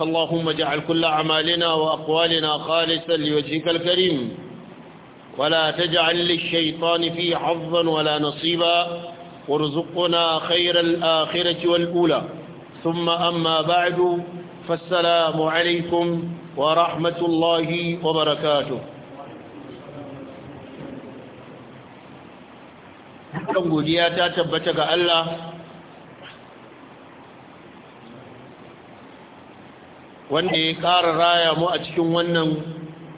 فاللهم اجعل كل أعمالنا وأقوالنا خالصا لوجهك الكريم ولا تجعل للشيطان فيه حظا ولا نصيبا وارزقنا خير الآخرة والأولى ثم أما بعد فالسلام عليكم ورحمة الله وبركاته kan godiya ta tabbata ga Allah wanda ya kara raya mu a cikin wannan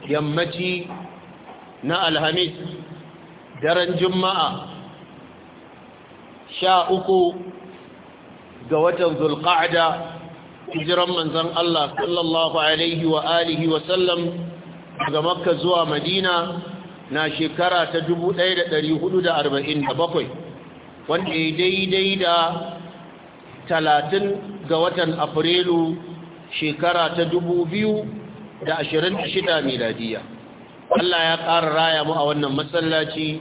yammaci na alhamis daren juma'a sha uku ga watan zulƙa'ada hijiran manzan Allah sallallahu alaihi wa alihi wa sallam daga makka zuwa madina na shekara ta 1447 wanda ya daidai da 30 ga watan afrilu shekara ta dubu biyu da ashirin shida miladiya Allah ya ƙara raya mu a wannan masallaci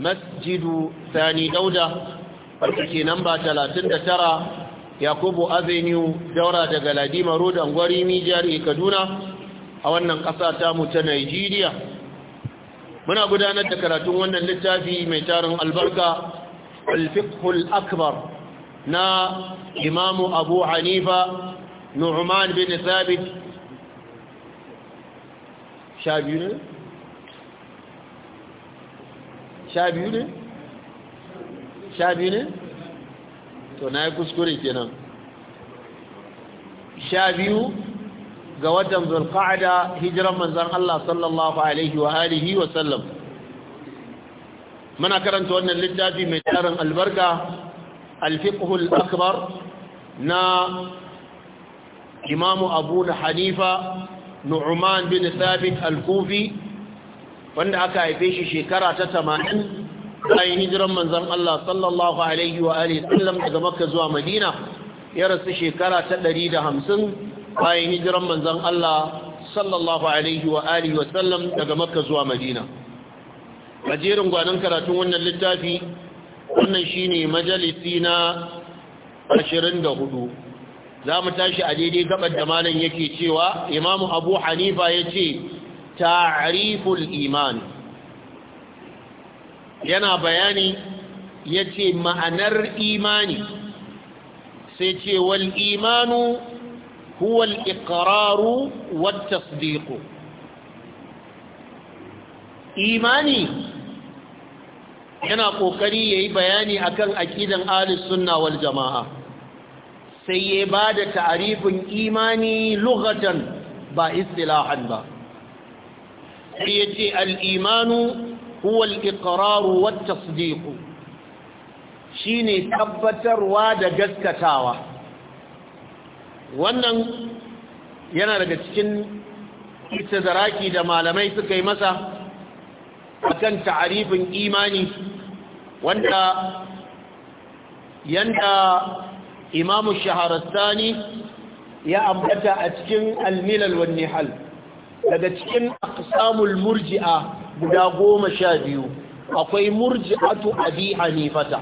masjidu sani dauda wadda ke namba tara yakubu avenue daura daga ladima road angwari mijiyar kaduna a wannan ƙasa tamu ta nigeria muna gudanar da karatun wannan littafi mai tarin albarka alfikhul akbar na imamu abu hanifa nu'man bin sabit sha to na kuskure kenan sha biyu ga watan zulqa'ada hijiran manzon Allah sallallahu muna karanta wannan littafi mai tarin albarka al akbar na imamu abu na hanifa Nu'uman bin thabit al-kufi wanda aka haife shi shekara ta tamanin bayan hijiran manzon Allah sallallahu alaihi wa alihi sallam daga Makka zuwa Madina ya rasu shekara ta ɗari da hamsin bayan hijiran manzon Allah sallallahu alaihi wa alihi wa sallam daga Makka zuwa Madina majerin gwanin karatun wannan littafi wannan shine majalisi na hudu. za mu tashi a daidai gabar da malam yake cewa imamu abu hanifa ya ce ta'riful iman yana bayani ya ce ma'anar imani sai ce wal imanu huwa al-iqraru wat imani yana kokari yayi bayani akan aƙidan Ali sunna wal jama'a sai ya ba da ta'arifin imani lughatan ba istilahan ba sai ya ce al'imanu huwa al'iƙararu wata sadiku shi ne tabbatarwa da gaskatawa wannan yana daga cikin zaraki da malamai suka yi masa akan ta'arifin imani wanda yanda imamu shaharastani ya ambata a cikin almilal wa nihal daga cikin aqsamul murji'a guda goma sha biyu akwai murji'atu abi hanifata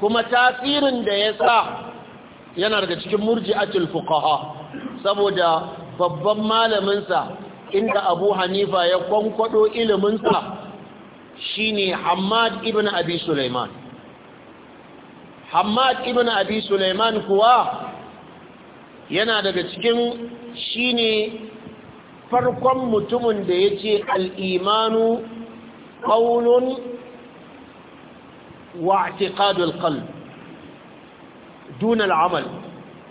kuma tasirin da ya sa yana daga cikin murji'atul fuqaha saboda babban malaminsa inda abu hanifa ya kwankwado iliminsa shine hamad ibn abi sulaiman hamad ibn abi sulaiman kuwa yana daga cikin shine farkon mutumin da ya je al'imanu ƙaunun wa aƙiƙadul ƙal dunar amal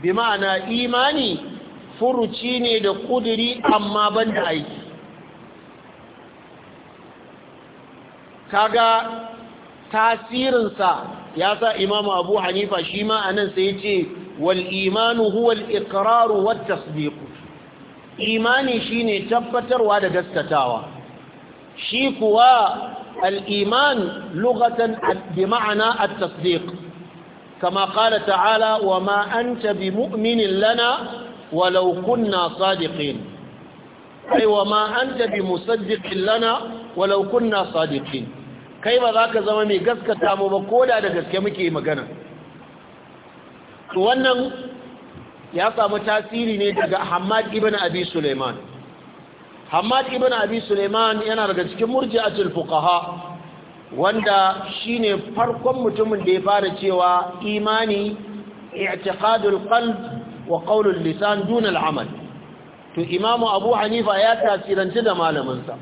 bi ma'ana imani furuci ne da ƙudiri amma ban da aiki kaga tasirinsa ya sa imamu abu hanifa shi ma a nan sai ce wal imanu huwal iqraru wat tasdiq imani shine tabbatarwa da gaskatawa shi kuwa al iman lughatan bi ma'ana at tasdiq kama qala ta'ala wa ma anta bi mu'minin lana walau kunna sadiqin ay wa ma anta bi musaddiqin lana walau kunna sadiqin kai ba za ka zama mai gaskata mu ba ko da da gaske muke magana to wannan ya samu tasiri ne daga Hamad ibn Abi Sulaiman Hamad ibn Abi Sulaiman yana daga cikin murji'atul fuqaha wanda shine farkon mutumin da ya fara cewa imani i'tiqadul qalb wa qawlul lisan dun al'amal to imamu abu hanifa ya tasiranci da malamin sa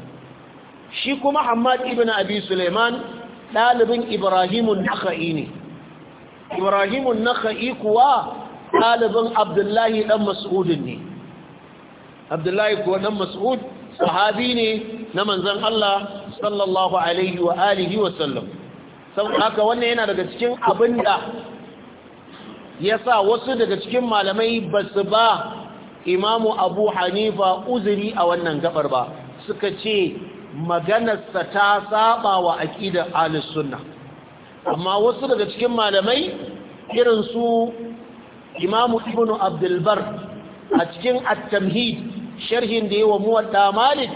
shi kuma Hamad ibn Abi Sulaiman ɗalibin Ibrahimun Nakhai ne Ibrahimun Nakhai kuwa ɗalibin Abdullahi dan Mas'udin ne Abdullahi kuwa dan Mas'ud sahabi ne na manzon Allah sallallahu alaihi wa alihi wa sallam saboda haka wannan yana daga cikin abinda ya sa wasu daga cikin malamai ba su ba imamu abu hanifa uzuri a wannan gabar ba suka ce maganarsa ta saba wa aƙidar ahlus sunna amma wasu daga cikin malamai irin su imamu ibnu abdulbar a cikin at-tamhid sharhin da yawa muwadda malik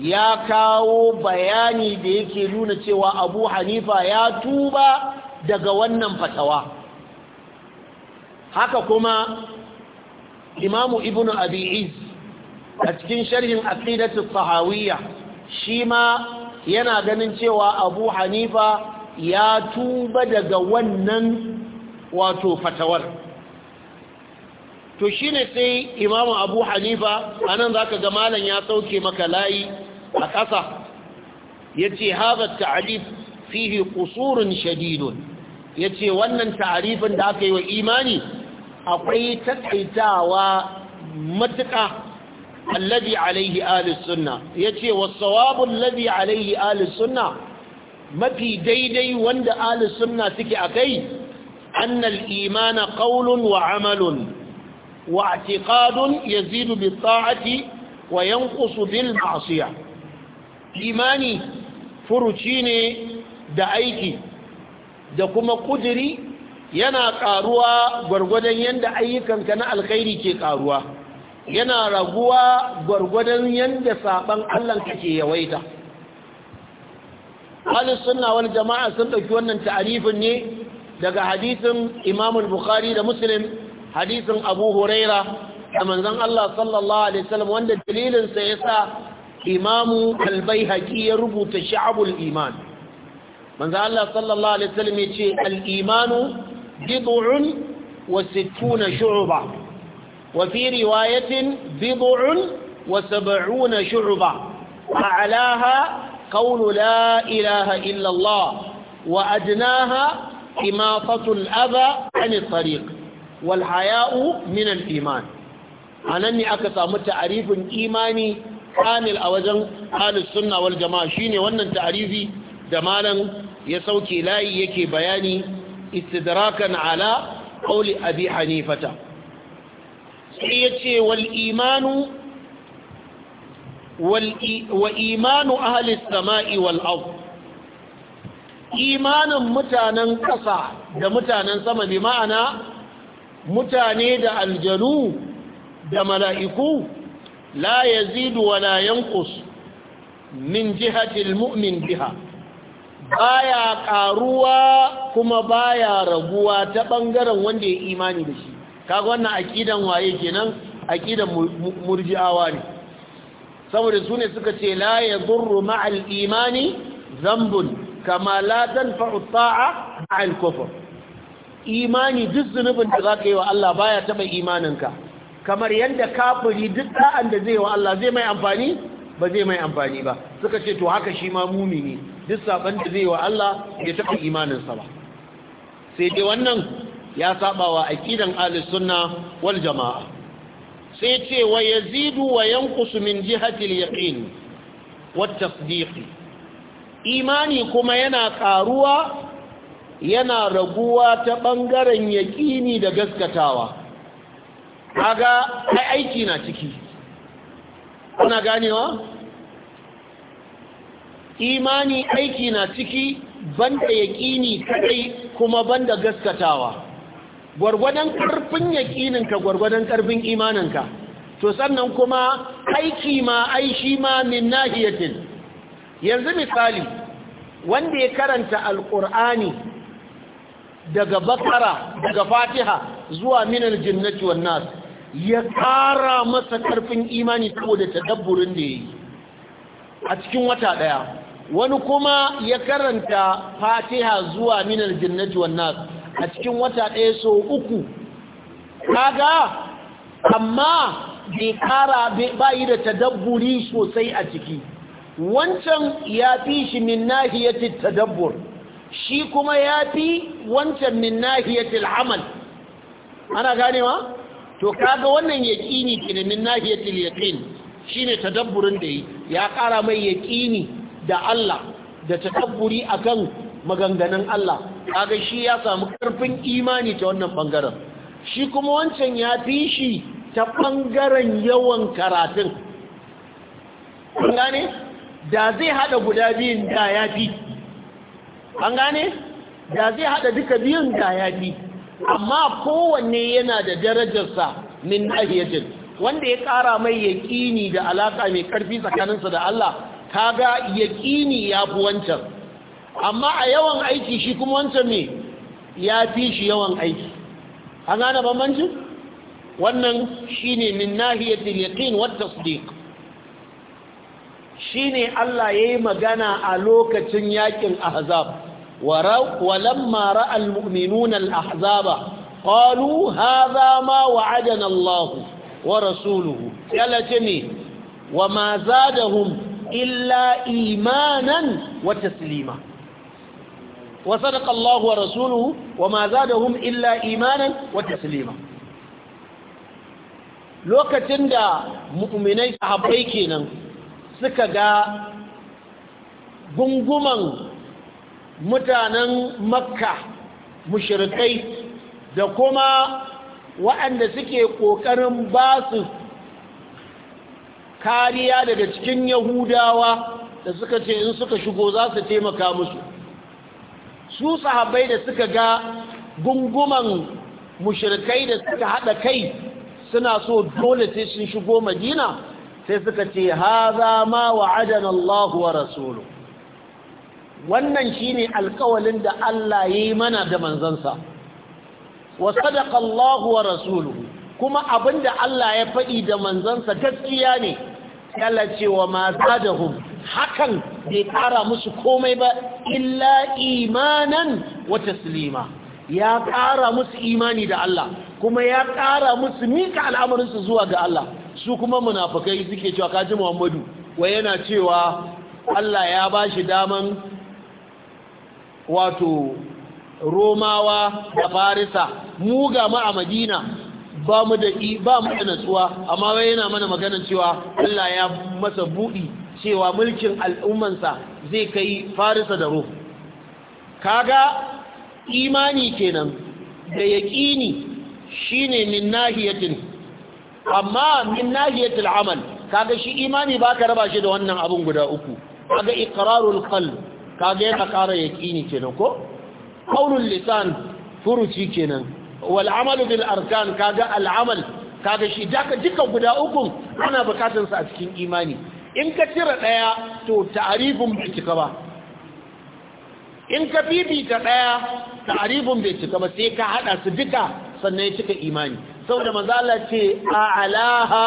ya kawo bayani da yake nuna cewa abu hanifa ya tuba daga wannan fatawa haka kuma imamu ibnu abi'iz a cikin sharhin aqidatus sahawiyya shi ma yana ganin cewa abu hanifa ya tuba daga wannan wato fatawar to shi ne sai imamu abu hanifa a nan za ka ga malam ya sauke maka layi a ƙasa ya ce haɗa ta'arif fihi ƙusurin shadidun ya ce wannan ta'arifin da aka yi wa imani akwai taƙaitawa matuƙa alladhi alaihi ahlus sunna yace wa sawabu alladhi alaihi ahlus sunna mafi daidai wanda Ali sunna suke akai annal imana qawlun wa amalun wa i'tiqadun yazidu bit-ta'ati wa yanqusu bil-ma'siyah imani furuci ne da aiki da kuma kudiri yana karuwa gwargwadon yadda ayyukanka na alkhairi ke karuwa yana raguwa gwargwadon yadda saban Allah kake yawaita hali suna wani jama'a sun ɗauki wannan ta'arifin ne daga hadisin Imam bukhari da Muslim hadisin Abu Huraira da manzan Allah sallallahu alaihi wasallam wanda dalilin sa yasa albai al ya rubuta Sha'abul Iman manzan Allah sallallahu alaihi wasallam yace al-imanu bid'un wa na shu'ba وفي رواية بضع وسبعون شعبة أعلاها قول لا إله إلا الله وأدناها إماطة الأذى عن الطريق والحياء من الإيمان أنني أكثر متعريف إيماني kamil a wajen halin sunna wal jama'a shine wannan ta'arifi da malam ya sauke layi yake bayani istidrakan ala qawli abi hanifata sai ya ce wa imanu ahalis sama'i wal ard imanin mutanen ƙasa da mutanen sama bi ma'ana mutane da aljanu da mala'iku la yazidu wa la yankus. min jihatil mu'min biha baya karuwa kuma baya raguwa ta bangaren wanda ya imani da shi kaga wannan aqidan waye kenan aqidan murji'awa ne saboda sune suka ce la yadurru ma'al imani dhanbun kama la tanfa'u ta'a ma'al kufr imani duk zunubin da zaka yi wa Allah baya taba imaninka kamar yanda kafiri duk da'an da zai wa Allah zai mai amfani ba zai mai amfani ba suka ce to haka shi ma mumini duk saban da zai wa Allah ya taba imaninsa ba sai dai wannan ya saba wa aqidan ahlus sunna wal jamaa sai ce wa yazidu wa yanqusu min jihati al yaqin wat tasdiq imani kuma yana ƙaruwa, yana raguwa ta bangaren yaqini da gaskatawa kaga ai aiki na ciki kuna ganewa imani aiki na ciki banda yaqini kaɗai kuma banda gaskatawa gwargwadon karfin yaƙininka gwargwadon karfin imaninka to sannan kuma aiki ma aishi ma min nahiyatin yanzu misali wanda ya karanta alƙur'ani daga bakara daga fatiha zuwa minar jinnati wan ya ƙara masa karfin imani saboda tadabburin da ya yi a cikin wata ɗaya wani kuma ya karanta fatiha zuwa minar jinnati wan a cikin wata ɗaya so uku kaga amma bai kara bayi da tadabburi sosai a ciki wancan ya fi shi min nahiyatil tadabbur shi kuma ya fi wancan min nahiyatil amal ana ganewa to kaga wannan yaqini kina min nahiyatil yaqin shine tadabburin da yi ya kara mai yaqini da Allah da tadabburi akan maganganun Allah kaga shi ya samu karfin imani ta wannan bangaren shi kuma wancan ya fi shi ta bangaren yawan karatun an gane da zai hada guda biyun da ya fi an gane da zai hada duka biyun da ya fi amma kowanne yana da darajarsa min wanda ya kara mai yaƙini da alaƙa mai ƙarfi tsakaninsa da Allah kaga yaƙini ya fi wancan amma a yawan aiki shi kuma wancan ne ya fi shi yawan aiki an gane bambancin wannan shine min nahiyatul yaqin wat tasdiq shine Allah yayi magana a lokacin yaƙin ahzab wa raw wa lamma ra'a ahzaba qalu hadha ma wa'adana Allah wa rasuluhu yalla tini wa ma zadahum illa imanan wata silima. wa sadaqa Allahu wa rasuluhu wa ma zadahum illa imanan wa taslima lokacin da mu'minai sahabbai kenan suka ga gunguman mutanen makka mushrikai da kuma waɗanda suke ƙoƙarin basu kariya daga cikin yahudawa da suka ce in suka shigo za su taimaka musu su sahabbai da suka ga gunguman mushirikai da suka hada kai suna so dole sai sun shigo madina sai suka ce haza ma wa'adana Allah wa rasulu wannan shine alƙawalin da Allah yayi mana da manzansa wa sadaqa Allah wa rasuluhu kuma abinda Allah ya faɗi da manzansa gaskiya ne Allah ce wa ma zadahum hakan bai ƙara musu komai ba illa imanan wata taslima ya ƙara musu imani da Allah kuma ya ƙara musu mika al'amarinsu zuwa ga Allah su kuma munafukai suke cewa kaji Muhammadu wai yana cewa Allah ya ba shi daman wato Romawa da Farisa mu ga ma a Madina ba mu da natsuwa amma wai yana mana maganar cewa Allah ya masa buɗi cewa mulkin al'ummansa zai kai farisa da ruhu kaga imani kenan da yaƙini shine min nahiyatin amma min nahiyatil amal kaga shi imani baka raba shi da wannan abun guda uku kaga iqrarul qalb kaga yana kara yaƙini kenan ko qaulul lisan furuci kenan wal amalu bil arkan kaga al amal kaga shi duka guda uku ana bukatun sa a cikin imani in ka cire ɗaya to ta'arifin bai cika ba in ka bibita ɗaya ta'arifin bai cika ba sai ka haɗa su duka sannan ya cika imani saboda mazala ce a alaha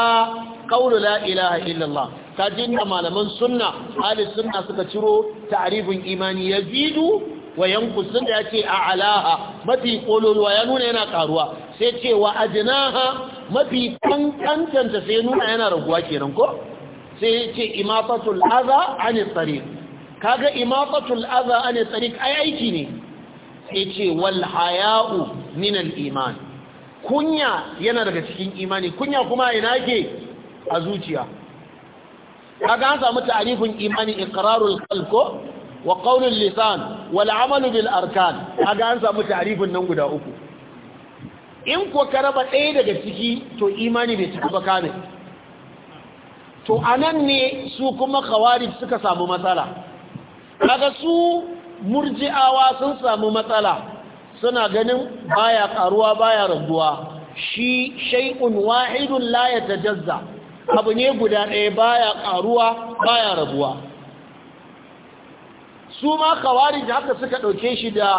la ilaha illallah ta jinna malaman sunna ahli sunna suka ciro ta'arifin imani yazidu wa yankusun da yace a alaha mafi ƙololuwa ya nuna yana ƙaruwa sai ce wa adinaha mafi kankantanta sai nuna yana raguwa kenan ko sai yake imafatul imatatul aza tariq kaga imafatul aza tsari, tariq yi aiki ne sai ce wal haya'u min iman kunya yana daga cikin imani kunya kuma ina ke a zuciya kaga an samu ta'arifin imani iqrarul qalb ko wa qaulul lisan wal amalu bil arkan kaga an samu ta'arifin nan guda uku in ko ka raba ɗaya daga ciki to imani bai cika ba to anan ne su kuma khawarij suka samu matsala kaga su murji'awa sun samu matsala suna ganin baya karuwa baya raguwa shi shay'un wahidun la yatajazza abu ne guda ɗaya baya karuwa baya raguwa su ma khawarij haka suka dauke shi da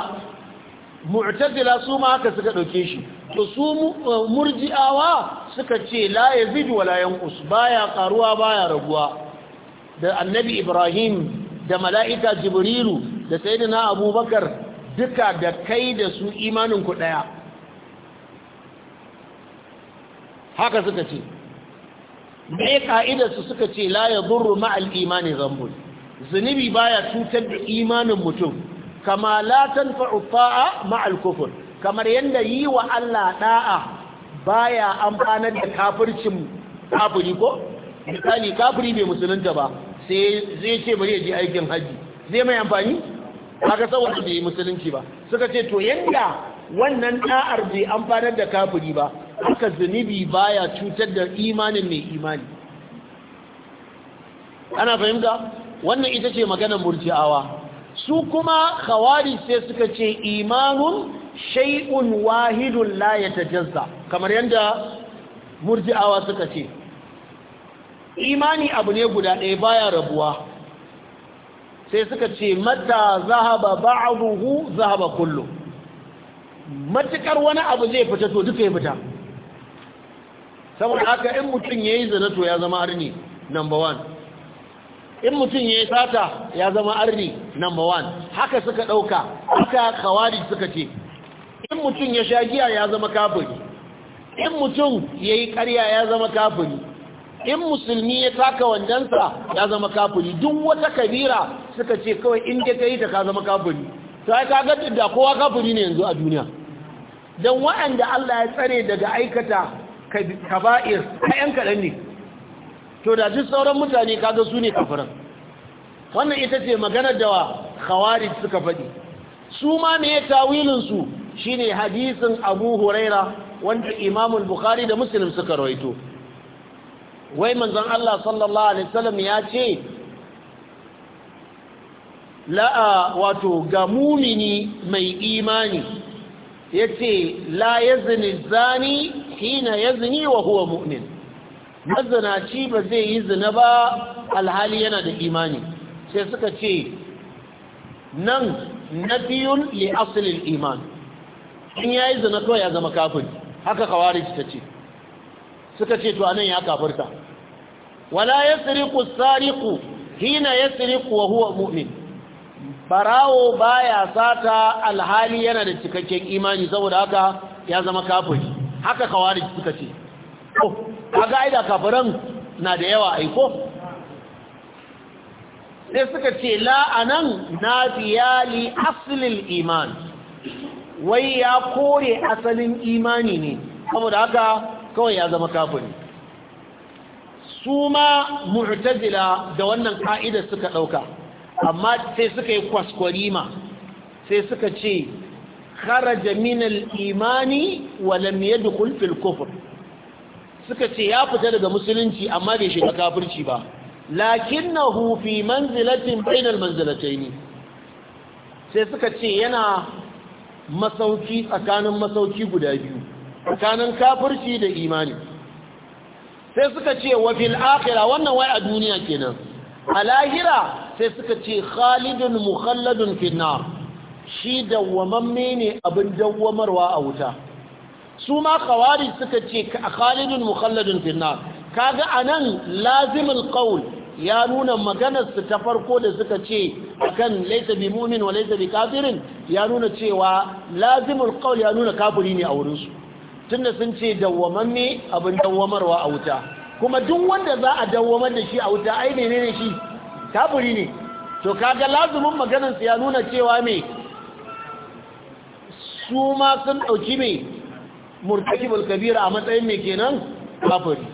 mu'tazila su ma haka suka dauke shi to su uh, murji'awa suka ce la yazid wa la yanqus baya karuwa baya raguwa da annabi ibrahim da mala'ika jibrilu da sayyidina abubakar duka da kai da su imanin ku daya haka suka ce me ka'ida su suka ce la yadurru ma'al imani zambul zunubi baya cutar da imanin mutum kama la tanfa'u ta'a ma'al kufur kamar yanda yi wa Allah da'a baya amfanar da kafircin kafiri ko misali kafiri bai musulunta ba sai zai ce bari ya je aikin haji zai mai amfani kaga saboda bai musulunci ba suka ce to yanda wannan da'ar bai amfanar da kafiri ba haka zunubi baya cutar da imanin mai imani ana fahimta wannan ita ce maganar murji'awa su kuma khawari sai suka ce imanun shay'un wahidun la yatajazza kamar yanda murji'awa suka ce imani abu ne guda ɗaya baya rabuwa sai suka ce mata zahaba ba'duhu zahaba kullu matukar wani abu zai fita to duka ya fita saboda haka in mutum yayi zina to ya zama arni number 1 in mutum ya yi sata ya zama arni number one haka suka ɗauka haka kawari suka ce in mutum ya sha giya ya zama kafiri in mutum ya yi ƙarya ya zama kafiri in musulmi ya taka wandansa ya zama kafiri duk wata kabira suka ce kawai in ka yi ta ka zama kafiri sai ka ga da kowa kafiri ne yanzu a duniya don waɗanda Allah ya tsare daga aikata kaba'ir 'Yan kaɗan ne to da duk sauran mutane kaga su ne kafiran wannan ita ce maganar da khawarij suka faɗi su ma me tawilin su shine hadisin Abu Huraira wanda imamin al-Bukhari da Muslim suka rawaito wai manzon Allah sallallahu alaihi Salam ya ce la'a wato ga mumini mai imani yace la yazni zani hina yazni wa huwa mu'min mazanaci ba zai yi zina ba alhali yana da imani sai suka ce nan na biyun li asalin iman in ya yi zina kawai ya zama kafin haka kawari ta ce suka ce to anan ya kafarta wala ya siriku tsariku hina ya siriku wa huwa mu'min barawo baya sata alhali yana da cikakken imani saboda haka ya zama kafin haka kawari suka ce Oh, kaga aida kafiran na da yawa aiko sai suka ce la'anan na fiyali asilin iman wai ya kore asalin imani ne saboda haka kawai ya zama kafin su ma mu'tazila da wannan ka'ida suka ɗauka amma sai suka yi kwaskwarima sai suka ce kharaja min al-imani wa lam yadkhul fil kufr suka ce ya fita daga musulunci amma bai shiga kafirci ba lakinnahu fi manzilatin bainal ne. sai suka ce yana masauki tsakanin masauki guda biyu tsakanin kafirci da imani sai suka ce wa fil wannan wai a duniya kenan a lahira sai suka ce khalidun mukhalladun Finna. shi dawwamamme ne abin dawwamarwa a wuta su ma khawarij suka ce khalidun mukhalladun finnar kaga anan lazimul qaul ya nuna maganar su ta farko da suka ce akan laysa bi mu'min wa laysa bi kafirin ya nuna cewa lazimul qaul ya nuna kafiri ne a wurin su tunda sun ce dawwaman ne abin dawwamarwa a wuta kuma duk wanda za a dawwamar da shi a wuta ai menene shi kafiri ne to kaga lazimin maganar su ya nuna cewa me su ma sun dauki me murtakibul kabira a matsayin mai kenan kafiri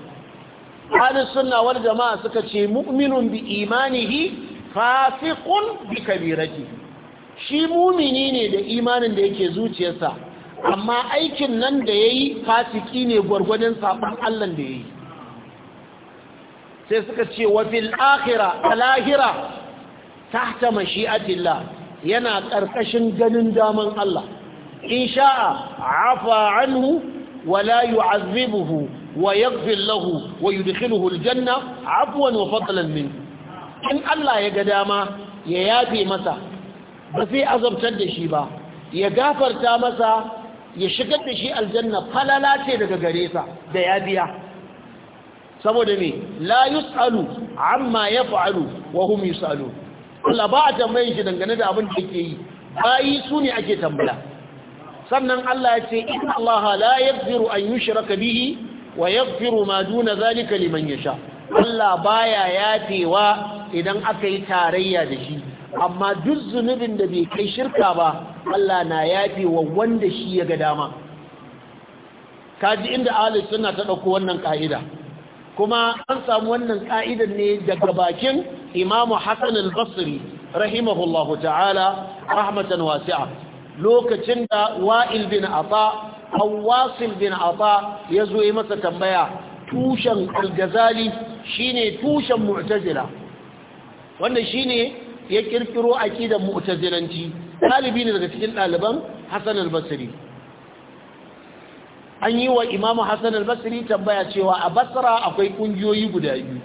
ahlus sunna wani jama'a suka ce mu'minun bi imanihi fasiqun bi kabirati shi mumini ne da imanin da yake zuciyarsa amma aikin nan da yayi fasiki ne gwargwadon sabon Allah da yayi sai suka ce wa fil akhirah alahira tahta mashi'atillah yana karkashin ganin daman Allah in sha'a afa anhu wa la yu'azzibuhu wa yaghfir lahu wa yudkhiluhu aljanna afwan wa fadlan min in Allah ya ga dama ya yafe masa ba sai azabtar da shi ba ya gafarta masa ya shigar da shi aljanna falala ce daga gare sa da ya biya saboda me la yusalu amma yaf'alu wa hum yusalu Allah ba a tambayin shi dangane da abin da yake yi bayi su ne ake tambaya sannan Allah ya ce inna Allah la yaghfiru an yushraka bihi wa yaghfiru ma duna zalika liman yasha Allah baya yafewa idan aka yi tarayya da shi amma duk zunubin da bai kai shirka ba Allah na yafewa wanda shi ya ga dama kaji inda Ali suna ta dauko wannan ka'ida kuma an samu wannan ka'idar ne daga bakin Imam Hassan al-Basri rahimahullahu ta'ala rahmatan wasi'a lokacin da wa'il bin afa hawasil bin afa ya zo yi masa tambaya tushen al-gazali ne tushen mu'tazila wanda shi ne ya kirkiro aƙidan mu'tazilanci ɗalibi ne daga cikin ɗaliban Hassan albasiri an yi wa imamu Hassan albasiri tambaya cewa a Basra akwai ƙungiyoyi guda biyu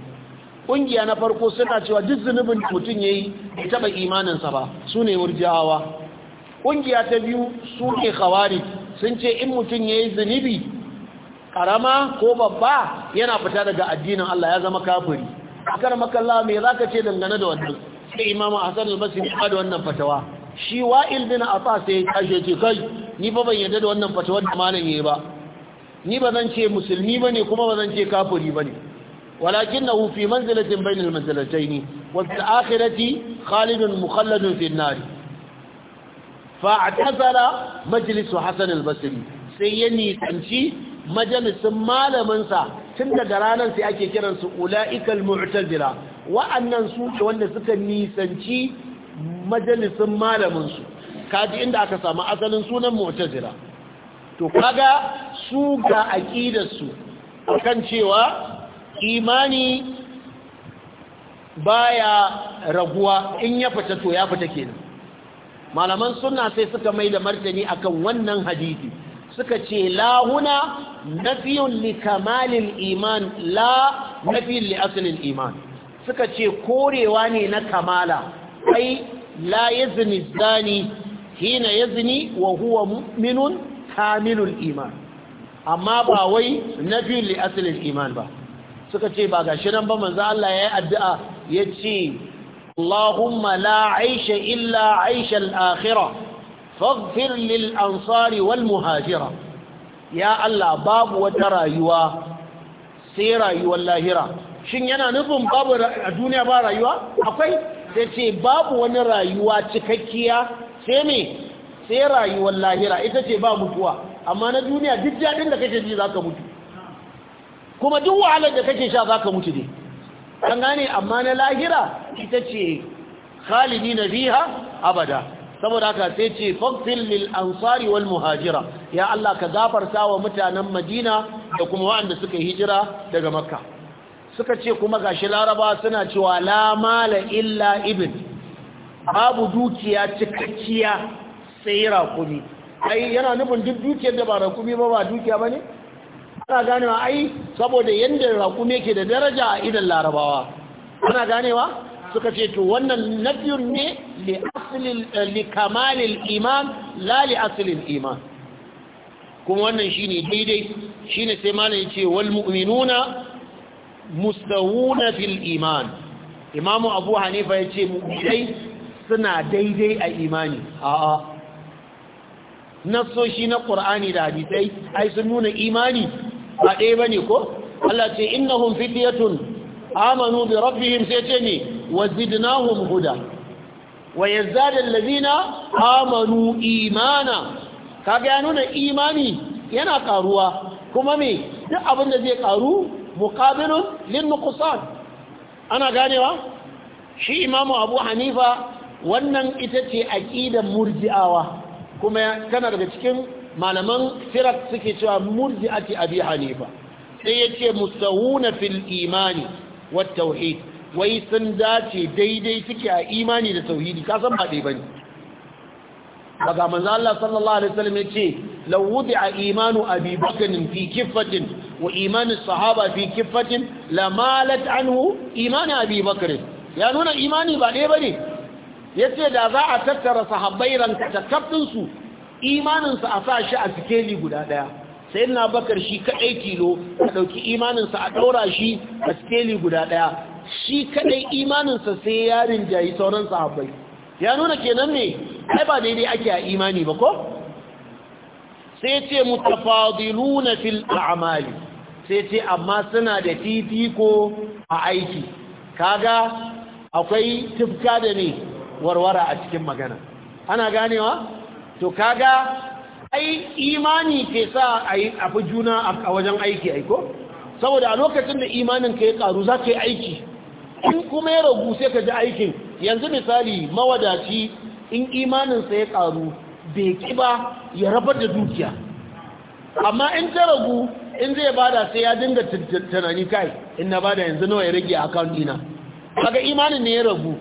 Ƙungiya na farko suna cewa duk zunubin mutum yi, bai taba imaninsa ba sune murji'awa ƙungiya ta biyu su ke khawarij sun ce in mutum ya yi zunubi ƙarama ko babba yana fita daga addinin Allah ya zama kafiri akar makalla mai za ka ce dangane da wannan sai imamu hassan al-basri ba da wannan fatawa shi wa'il bin afa sai ya kashe ce kai ni ba ban yarda da wannan fatawa da malam yayi ba ni ba zan ce musulmi bane kuma ba zan ce kafiri bane ولكنه في منزلة بين المنزلتين وفي الآخرة خالد مخلد في النار fa'tazala majlisu Hassan al-Basri sai ya nisanci majalisin malaminsa tun daga ranar sai ake kiransu ula'ikal mu'tazila wa'annan su wanda suka nisanci majalisin malaminsu kaji inda aka samu asalin sunan mu'tazila to kaga su ga a kan cewa imani baya raguwa in ya fita to ya fita kenan malaman sunna sai suka mai da martani akan wannan hadisi suka ce lahuna nafiyun li iman la nafiyun li asalin iman suka ce korewa ne na kamala ai la yazni zani hina yazni wa huwa mu'minun kamilul iman amma ba wai nafiyun li asalin iman ba suka ce ba gashi nan ba manzo Allah yayi addu'a yace اللهم la'aisha عيش إلا akhira, الآخرة فاغفر للأنصار والمهاجرة يا الله باب وترى يوا سيرا يوا اللاهرة shin yana nufin babu a duniya ba rayuwa akwai da ce babu wani rayuwa cikakkiya sai ne sai rayuwar lahira ita ce ba mutuwa amma na duniya duk jaɗin da kake ji za ka mutu kuma duk wahalar da kake sha za ka mutu ne an gane amma na lahira ita ce khalidi na biha abada saboda haka sai ce faghfir lil ansari wal muhajira ya Allah ka gafarta wa mutanen Madina da kuma waɗanda suka hijira daga Makka suka ce kuma gashi Laraba suna cewa la mala illa ibn babu dukiya cikakkiya sai rakumi ai yana nufin duk dukiyar da ba rakumi ba ba dukiya bane ana ganewa ai saboda yanda raƙumi yake da daraja a idan larabawa ana ganewa suka ce to wannan nafiyun ne li li kamalil iman la li aslil iman kuma wannan shine daidai shine sai malai yace wal mu'minuna mustawuna fil iman imam abu hanifa yace mu'minai suna daidai a imani a'a nasoshi na qur'ani da hadisi ai sun nuna imani ba bane ko Allah ce innahum fityatun amanu bi rabbihim sai ce huda wa yazdadu allazina amanu imana kaga ya nuna imani yana karuwa kuma me duk abin da zai karu muqabilun lin nuqsan ana ganewa shi imamu abu hanifa wannan ita ce aƙidan murji'awa kuma tana daga cikin malaman firak suke cewa murji'ati abi hanifa sai yace mustawuna fil imani wat tauhid wai sun dace daidai suke a imani da tauhidi ka san ba dai bane daga manzo Allah sallallahu alaihi wasallam yace law wudi'a imanu abi bakr fi kiffatin wa iman as-sahaba fi kiffatin lamalat anhu iman abi bakr ya nuna imani ba dai bane yace da za a tattara sahabbai ranka ta kaftin su imaninsa a sa shi a sikeli guda ɗaya. sai na bakar shi kaɗai kilo a ɗauki imaninsa a ɗaura shi a sikeli guda ɗaya. shi kaɗai imaninsa sai yarin jayi sauran sahabbai ya nuna kenan ne ai ba daidai ake a imani ba ko sai ce mutafadiluna fil a'mali sai ce amma suna da fifiko a aiki kaga akwai tifka da ne warwara a cikin magana ana ganewa to kaga ai imani ke sa a yi afi juna a wajen aiki aiko saboda a lokacin da imanin ka ya karu za ka yi aiki in kuma ya ragu sai ka ji aikin yanzu misali mawadaci in imaninsa ya karu bai ki ba ya rabar da dukiya amma in ta ragu in zai bada sai ya dinga tunani kai in na bada yanzu nawa ya rage account dina kaga imanin ne ya ragu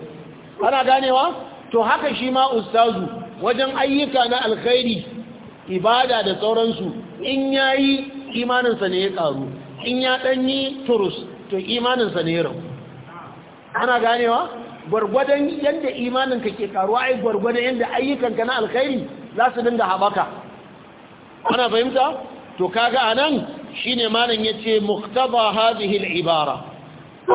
ana ganewa to haka shi ma ustazu wajen ayyuka na alkhairi ibada da sauransu in ya yi imaninsa ne ya karu in ya ɗanyi turus to imaninsa ne ya rabu ana ganewa gwargwadon yadda imaninka ke ƙaruwa ai gwargwadon yadda ayyukanka na alkhairi za su dinga haɓaka ana fahimta to kaga a nan shi ne malam ya ce muktaba hazihil ibara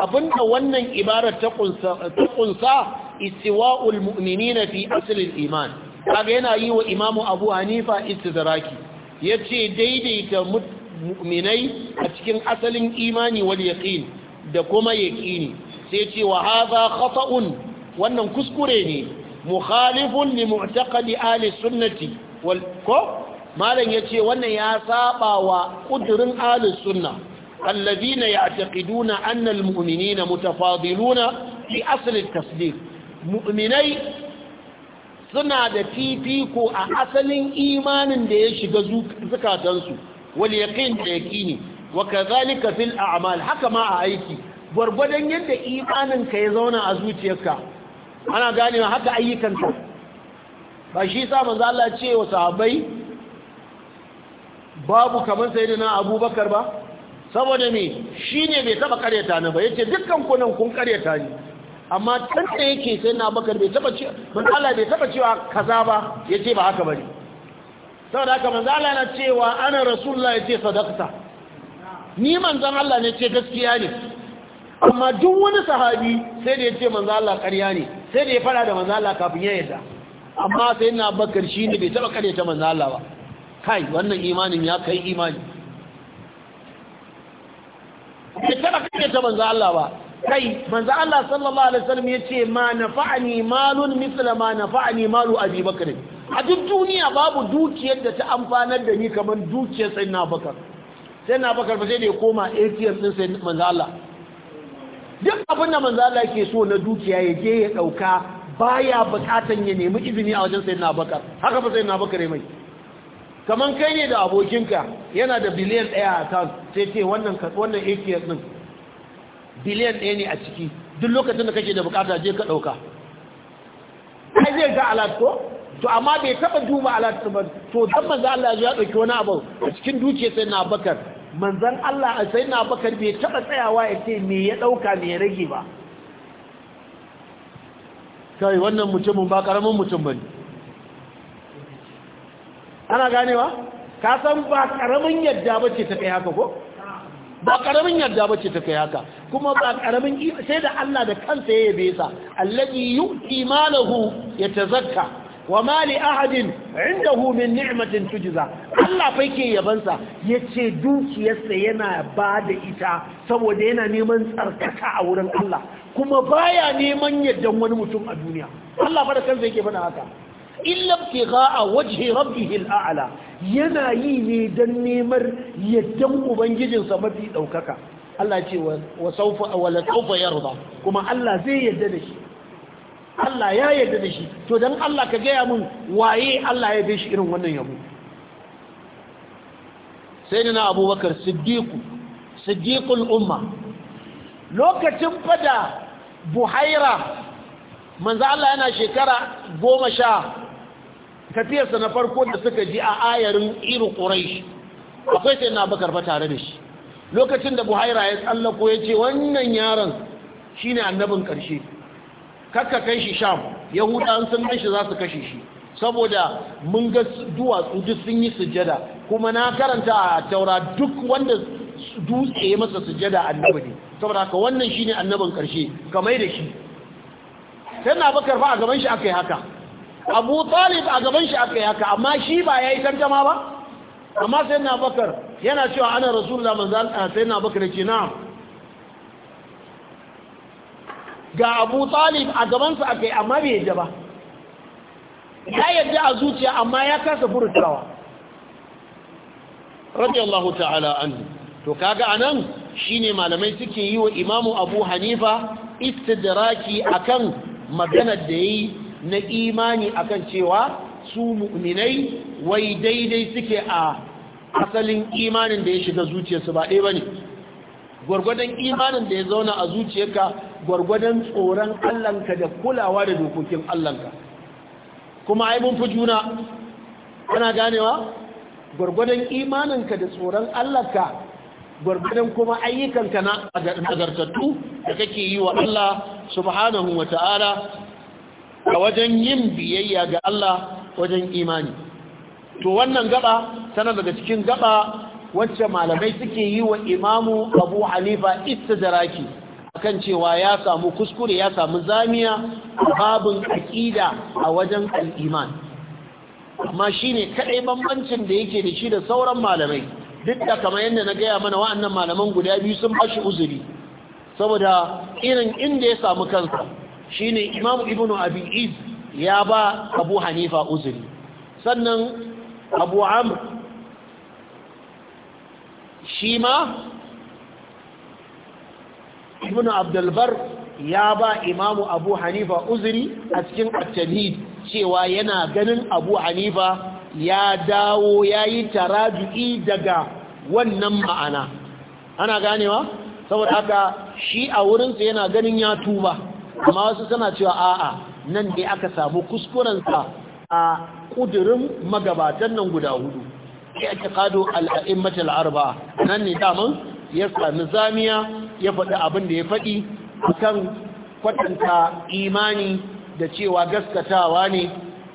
abinda wannan Ibara ta ƙunsa istiwa'ul mu'minina fi asalin iman kaga yana yi wa imamu abu hanifa istidraki ya ce daidaita mu'minai a cikin asalin imani wal yaqin da kuma yaqini sai ce wa hadha khata'un wannan kuskure ne mukhalifun li mu'taqadi ahli sunnati wal ko malam yace wannan ya saba wa kudurin ahli sunna alladhina ya'taqiduna anna al mu'minina mutafadiluna fi asl al tasdiq mu'minai suna da fifiko a asalin imanin da ya shiga zukatansu wal yaqin da yaqini wa kadhalika fil a'mal haka ma a aiki gwargwadon yadda imanin ka ya zauna a zuciyarka ana gane haka ka ba shi sa manzo Allah ce wa sahabbai babu kamar sayyidina Abubakar ba saboda me shine bai taba ƙaryata ni ba yace dukkan ku nan kun karyata ni amma can da yake sai na bakar bai taba ce Allah bai taba cewa kaza ba ya ba haka bane saboda haka Allah na cewa ana rasulullah ya ce sadaqta ni manzan Allah ne ce gaskiya ne amma duk wani sahabi sai da ya ce Allah ƙarya ne sai da ya fara da manzo Allah kafin ya yarda amma sai na bakar shi ne bai taba kare ta manzo Allah ba kai wannan imanin ya kai imani bai taba kare ta manzo Allah ba kai manzo Allah sallallahu alaihi wasallam yace ma nafa'ani malun misla ma nafa'ani malu Abi Bakr a duk duniya babu dukiyar da ta amfanar da ni kamar dukiyar Sayyidina Bakar Sayyidina Bakar ba sai da ya koma ATM din sai manzo Allah duk abin da manzo Allah yake so na dukiya ya je ya dauka baya bukatan ya nemi izini a wajen Sayyidina Bakar haka fa Sayyidina Bakar mai kaman kai ne da abokinka yana da biliyan 1 a account sai ce wannan wannan ATM din biliyan ɗaya ne a ciki duk lokacin da kake da bukata je ka ɗauka ai zai ga alat ko to amma bai taɓa duba alat ba to dan manzo Allah ya ɗauki wani abu a cikin duke sai na bakar manzon Allah sai na bakar bai taɓa tsayawa ya ce me ya ɗauka me ya rage ba kai wannan mutumin ba karamin mutum bane ana ganewa ka san ba karamin yadda ba ce ta kai haka ko ba karamin yarda bace ta kai haka kuma ba karamin sai da Allah da kansa ya yabe sa allazi yu'ti malahu yatazakka wa ma li ahadin indahu min ni'matin tujza Allah fa yake yaban sa yace dukiyarsa yana ba da ita saboda yana neman tsarkaka a wurin Allah kuma baya neman yaddan wani mutum a duniya Allah fa da kansa yake faɗa haka illa a waje rabbihi ala yana yi ne dan neman yaddan ubangijinsa mafi daukaka Allah ce wa sawfa wa la sawfa yarda kuma Allah zai yadda da shi Allah ya yadda da shi to dan Allah ka gaya mun waye Allah ya shi irin wannan yabo sayyidina Abubakar Siddiq Siddiqul umma lokacin fada Buhaira manzo Allah yana shekara goma sha tafiyarsa na farko da suka ji a ayarin irin ƙuraish akwai sai na bakar tare da shi lokacin da buhaira ya tsallako ya ce wannan yaron shine annabin ƙarshe kakka kai shi sham yahudan sun shi za su kashe shi saboda mun ga duwatsu duk sun yi sujjada kuma na karanta a taura duk wanda dutse ya masa sujjada annabi ne saboda wannan shine annabin ƙarshe kamar da shi sai na bakar a gaban shi aka yi haka abu talib a gaban shi aka yaka amma shi ba ya yi tantama ba amma sai na bakar yana cewa ana rasulullah manzan sai na bakar ce na ga abu talib a gabansa aka yi amma bai yadda ba ya yadda a zuciya amma ya kasa furtawa radiyallahu ta'ala an to kaga anan shine malamai suke yi wa imamu abu hanifa istidraki akan maganar da yayi na imani akan cewa su mu'minai wai daidai suke a asalin imanin da ya shiga zuciyarsu ba ɗaya bane gwargwadon imanin da ya zauna a zuciyarka gwargwadon tsoron allanka da kulawa da dokokin allanka. kuma ai fi juna kana ganewa gwargwadon imaninka da tsoron allanka. gwargwadon kuma ayyukanka na nagartattu da kake yi wa Allah subhanahu wa ta'ala a wajen yin biyayya ga Allah wajen imani to wannan gaba tana daga cikin gaba wacce malamai suke yi wa imamu abu jaraki. istidraki akan cewa ya samu kuskure ya samu zamiya babin aƙida a wajen al-iman amma shine kadai bambancin da yake da shi da sauran malamai duk da kamar yadda na gaya mana wa'annan malaman guda biyu sun bashi uzuri saboda irin inda ya samu kansa shine imamu Ibn abi Iz ya ba abu hanifa uzuri sannan abu amr shi ma ibn abdulbar ya ba imam abu hanifa uzuri a cikin attalhid cewa yana ganin abu hanifa ya dawo ya yi daga wannan ma'ana ana ganewa saboda haka shi a wurinsa yana ganin ya tuba amma wasu suna cewa a'a nan dai aka samu kuskurensa a ƙudurin magabatan nan guda hudu ya tiqadu al-a'immatul arba nan ne daman ya sami zamiya ya faɗi abin da ya faɗi kan kwatanta imani da cewa gaskatawa ne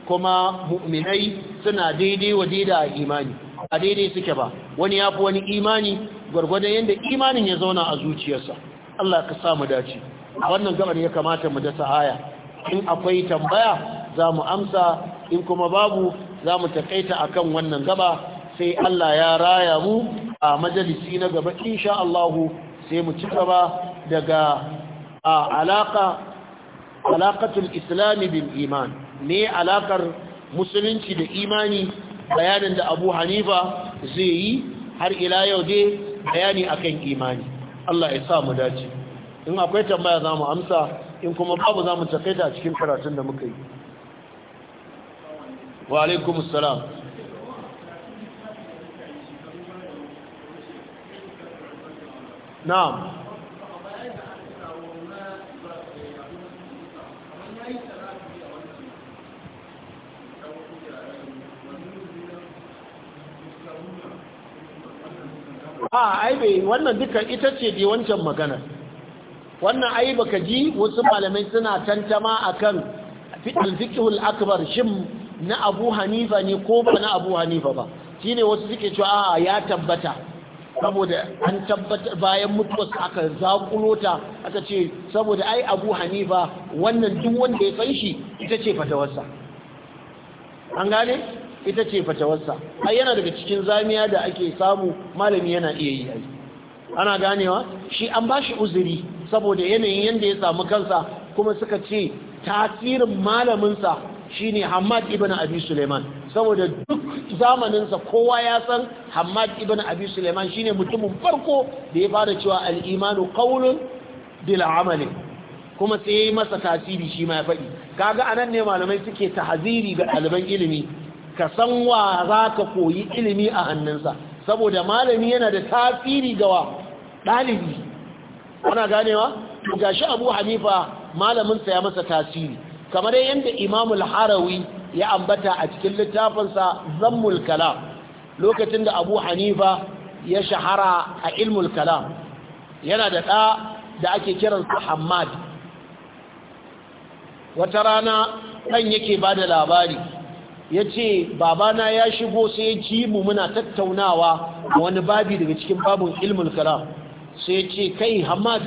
kuma mu'minai suna daidai wa daidai imani a daidai suke ba wani ya fi wani imani gwargwadon yadda imanin ya zauna a zuciyarsa Allah ka samu dace wannan gabar ya kamata mu dasa aya in akwai tambaya za mu amsa in kuma babu za mu a kan wannan gaba sai Allah ya raya mu a majalisi na gaba insha sai mu ci gaba daga alaka alaqatul islam bil iman ne alakar musulunci da imani bayanin da Abu Hanifa zai yi har ila yau dai bayani akan imani Allah ya sa mu dace in akwai tambaya za mu amsa in kuma babu za mu a cikin karatun da muka yi wa alaikum salam na'am a ah, ai wannan duka ita ce dai wancan maganar. wannan ai baka ji wasu malamai suna tantama akan fiqhul akbar shin na Abu Hanifa ne ko ba na Abu Hanifa ba shine wasu suke cewa a ya tabbata saboda an tabbata bayan mutuwar aka zakulo ta aka ce saboda ai Abu Hanifa wannan duk wanda ya san shi ita ce fatawarsa an gane ita ce fatawarsa ai yana daga cikin zamiya da ake samu malami yana iya yi ana ganewa shi an bashi uzuri saboda yanayin yadda ya samu kansa kuma suka ce tasirin malaminsa shine Hamad ibn Abi Suleiman saboda duk zamaninsa kowa ya san Hamad ibn Abi Suleiman shine mutumin farko da ya fara cewa al-imanu qawlun bil kuma sai yayi masa tasiri shi ma ya faɗi kaga anan ne malamai suke tahziri ga ɗaliban ilimi ka san wa za ka koyi ilimi a hannunsa saboda malami yana da tasiri ga ɗalibi ana ganewa to gashi abu hanifa malaminsa ya masa tasiri kamar yadda al harawi ya ambata a cikin sa zammul kalam lokacin da abu hanifa ya shahara a ilmul kalam yana da ɗa da ake kiransa hamad wata rana ɗan yake bada labari ya ce babana ya shigo sai ya ji mu muna tattaunawa a wani babi daga cikin babun ilmul kalam sai ce kai hamad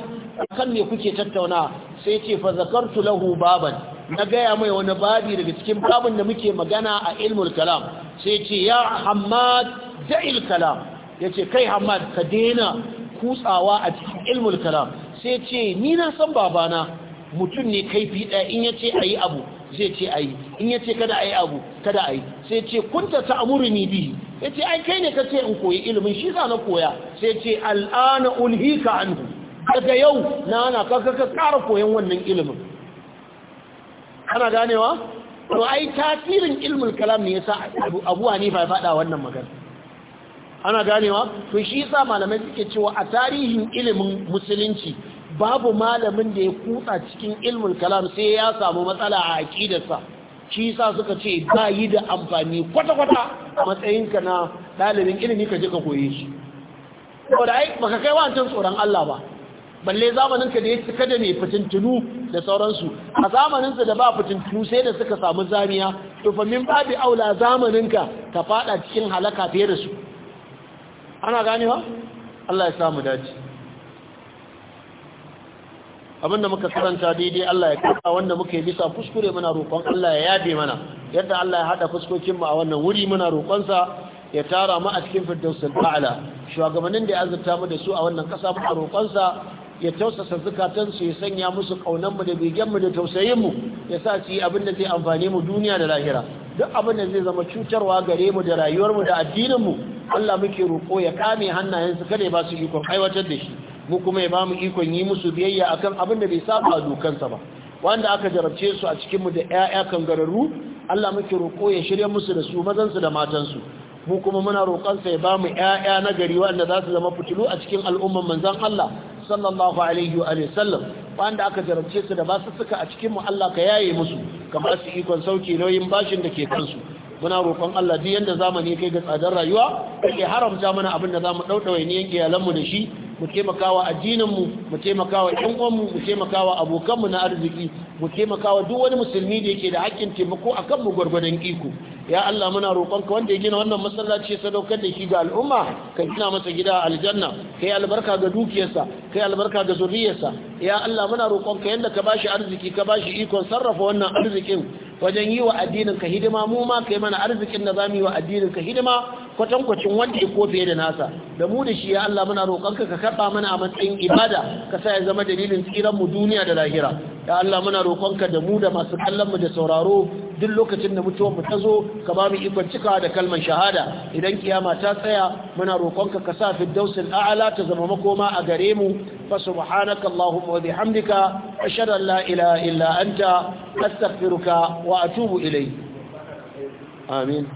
kan ne kuke tattauna sai ce fa zakartu lahu baban na gaya mai wani babi daga cikin babin da muke magana a ilmul kalam sai ce ya hamad da'il kalam ya ce kai hamad ka daina kutsawa a cikin ilmul kalam sai ce ni na san babana mutum ne kaifi ɗaya in ya ce a yi abu zai ce ayi in ya ce kada ayi abu kada ayi sai ce kunta ni bi? Ya ce, ai kai ne kace in koyi ilimin shi sa na koya sai ce al'ana ulhika anhu daga yau na ana ka ka kara koyon wannan ilimin ana ganewa to ai tasirin ilmul kalam ne yasa Abu Hanifa fa faɗa wannan magana ana ganewa to shi yasa malamai suke cewa a tarihin ilimin musulunci babu malamin da ya kutsa cikin ilmin kalam sai ya samu matsala a aƙidarsa, shi sa suka ce ba yi da amfani kwata-kwata a matsayinka na ɗalibin ilimi ka je ka koye shi saboda ai baka kai wancan tsoron Allah ba balle zamanin ka da ya cika da mai fitintunu da sauransu a zamanin da ba fitintunu sai da suka samu zamiya to fa min babi aula zamanin ka ka fada cikin halaka fiye da su ana ganewa Allah ya samu dace abinda muka karanta daidai Allah ya karba wanda muka yi bisa kuskure muna roƙon Allah ya yabe mana yadda Allah ya hada fuskokin mu a wannan wuri muna roƙon sa ya tara mu a cikin firdausul a'la shugabannin da ya azurta mu da su a wannan ƙasa muna roƙon sa ya tausasa zukatan su ya sanya musu kaunan mu da bigen mu da tausayin mu ya sa su yi abin da zai amfane mu duniya da lahira duk abin da zai zama cutarwa gare mu da rayuwarmu da addininmu Allah muke roƙo ya kame hannayensu kada ya ba su ikon aiwatar da shi mu kuma ya ba mu ikon yi musu biyayya akan abin da bai saba dokansa ba wanda aka jarabce su a cikinmu da 'ya'ya kangararru Allah muke roƙo ya shirya musu da su mazan su da matansu mu kuma muna roƙonsa ya ba mu 'ya'ya na gari wanda za su zama fitilu a cikin al'umman manzon Allah sallallahu alaihi wa sallam wanda aka jarabce su da suka a cikin mu Allah ka yaye musu kamar su ikon sauke nauyin bashin da ke kansu muna roƙon Allah duk yanda zamani kai ga tsadar rayuwa kake haramta mana abin da zamu daudawa ne yanke yalan mu da shi mu taimakawa addininmu mu taimakawa ƴan uwanmu mu taimakawa abokanmu na arziki mu taimakawa duk wani musulmi da yake da haƙƙin taimako akan mu gwargwadon iko ya Allah muna roƙonka wanda ya gina wannan masallaci sadaukar da shi ga al'umma ka gina masa gida a aljanna kai albarka ga dukiyarsa kai albarka ga zuriyarsa ya Allah muna roƙonka yanda ka bashi arziki ka bashi ikon sarrafa wannan arzikin wajen yi wa addinin ka hidima mu ma kai mana arzikin da zamu yi wa addinin ka hidima kwatankwacin wanda ya ko fiye da nasa da mu da shi ya Allah muna roƙonka ka karɓa mana a matsayin ibada ka sa ya zama dalilin tsiran mu duniya da lahira ya Allah muna roƙonka da mu da masu kallon mu da sauraro duk lokacin da mutuwar mu ta zo ka ba mu ikon cikawa da kalmar shahada idan kiyama ta tsaya muna roƙonka ka sa firdausul a'la ta zama makoma a gare mu fa subhanaka allahumma wa bihamdika ashhadu an la ilaha illa anta astaghfiruka wa atubu ilayk amin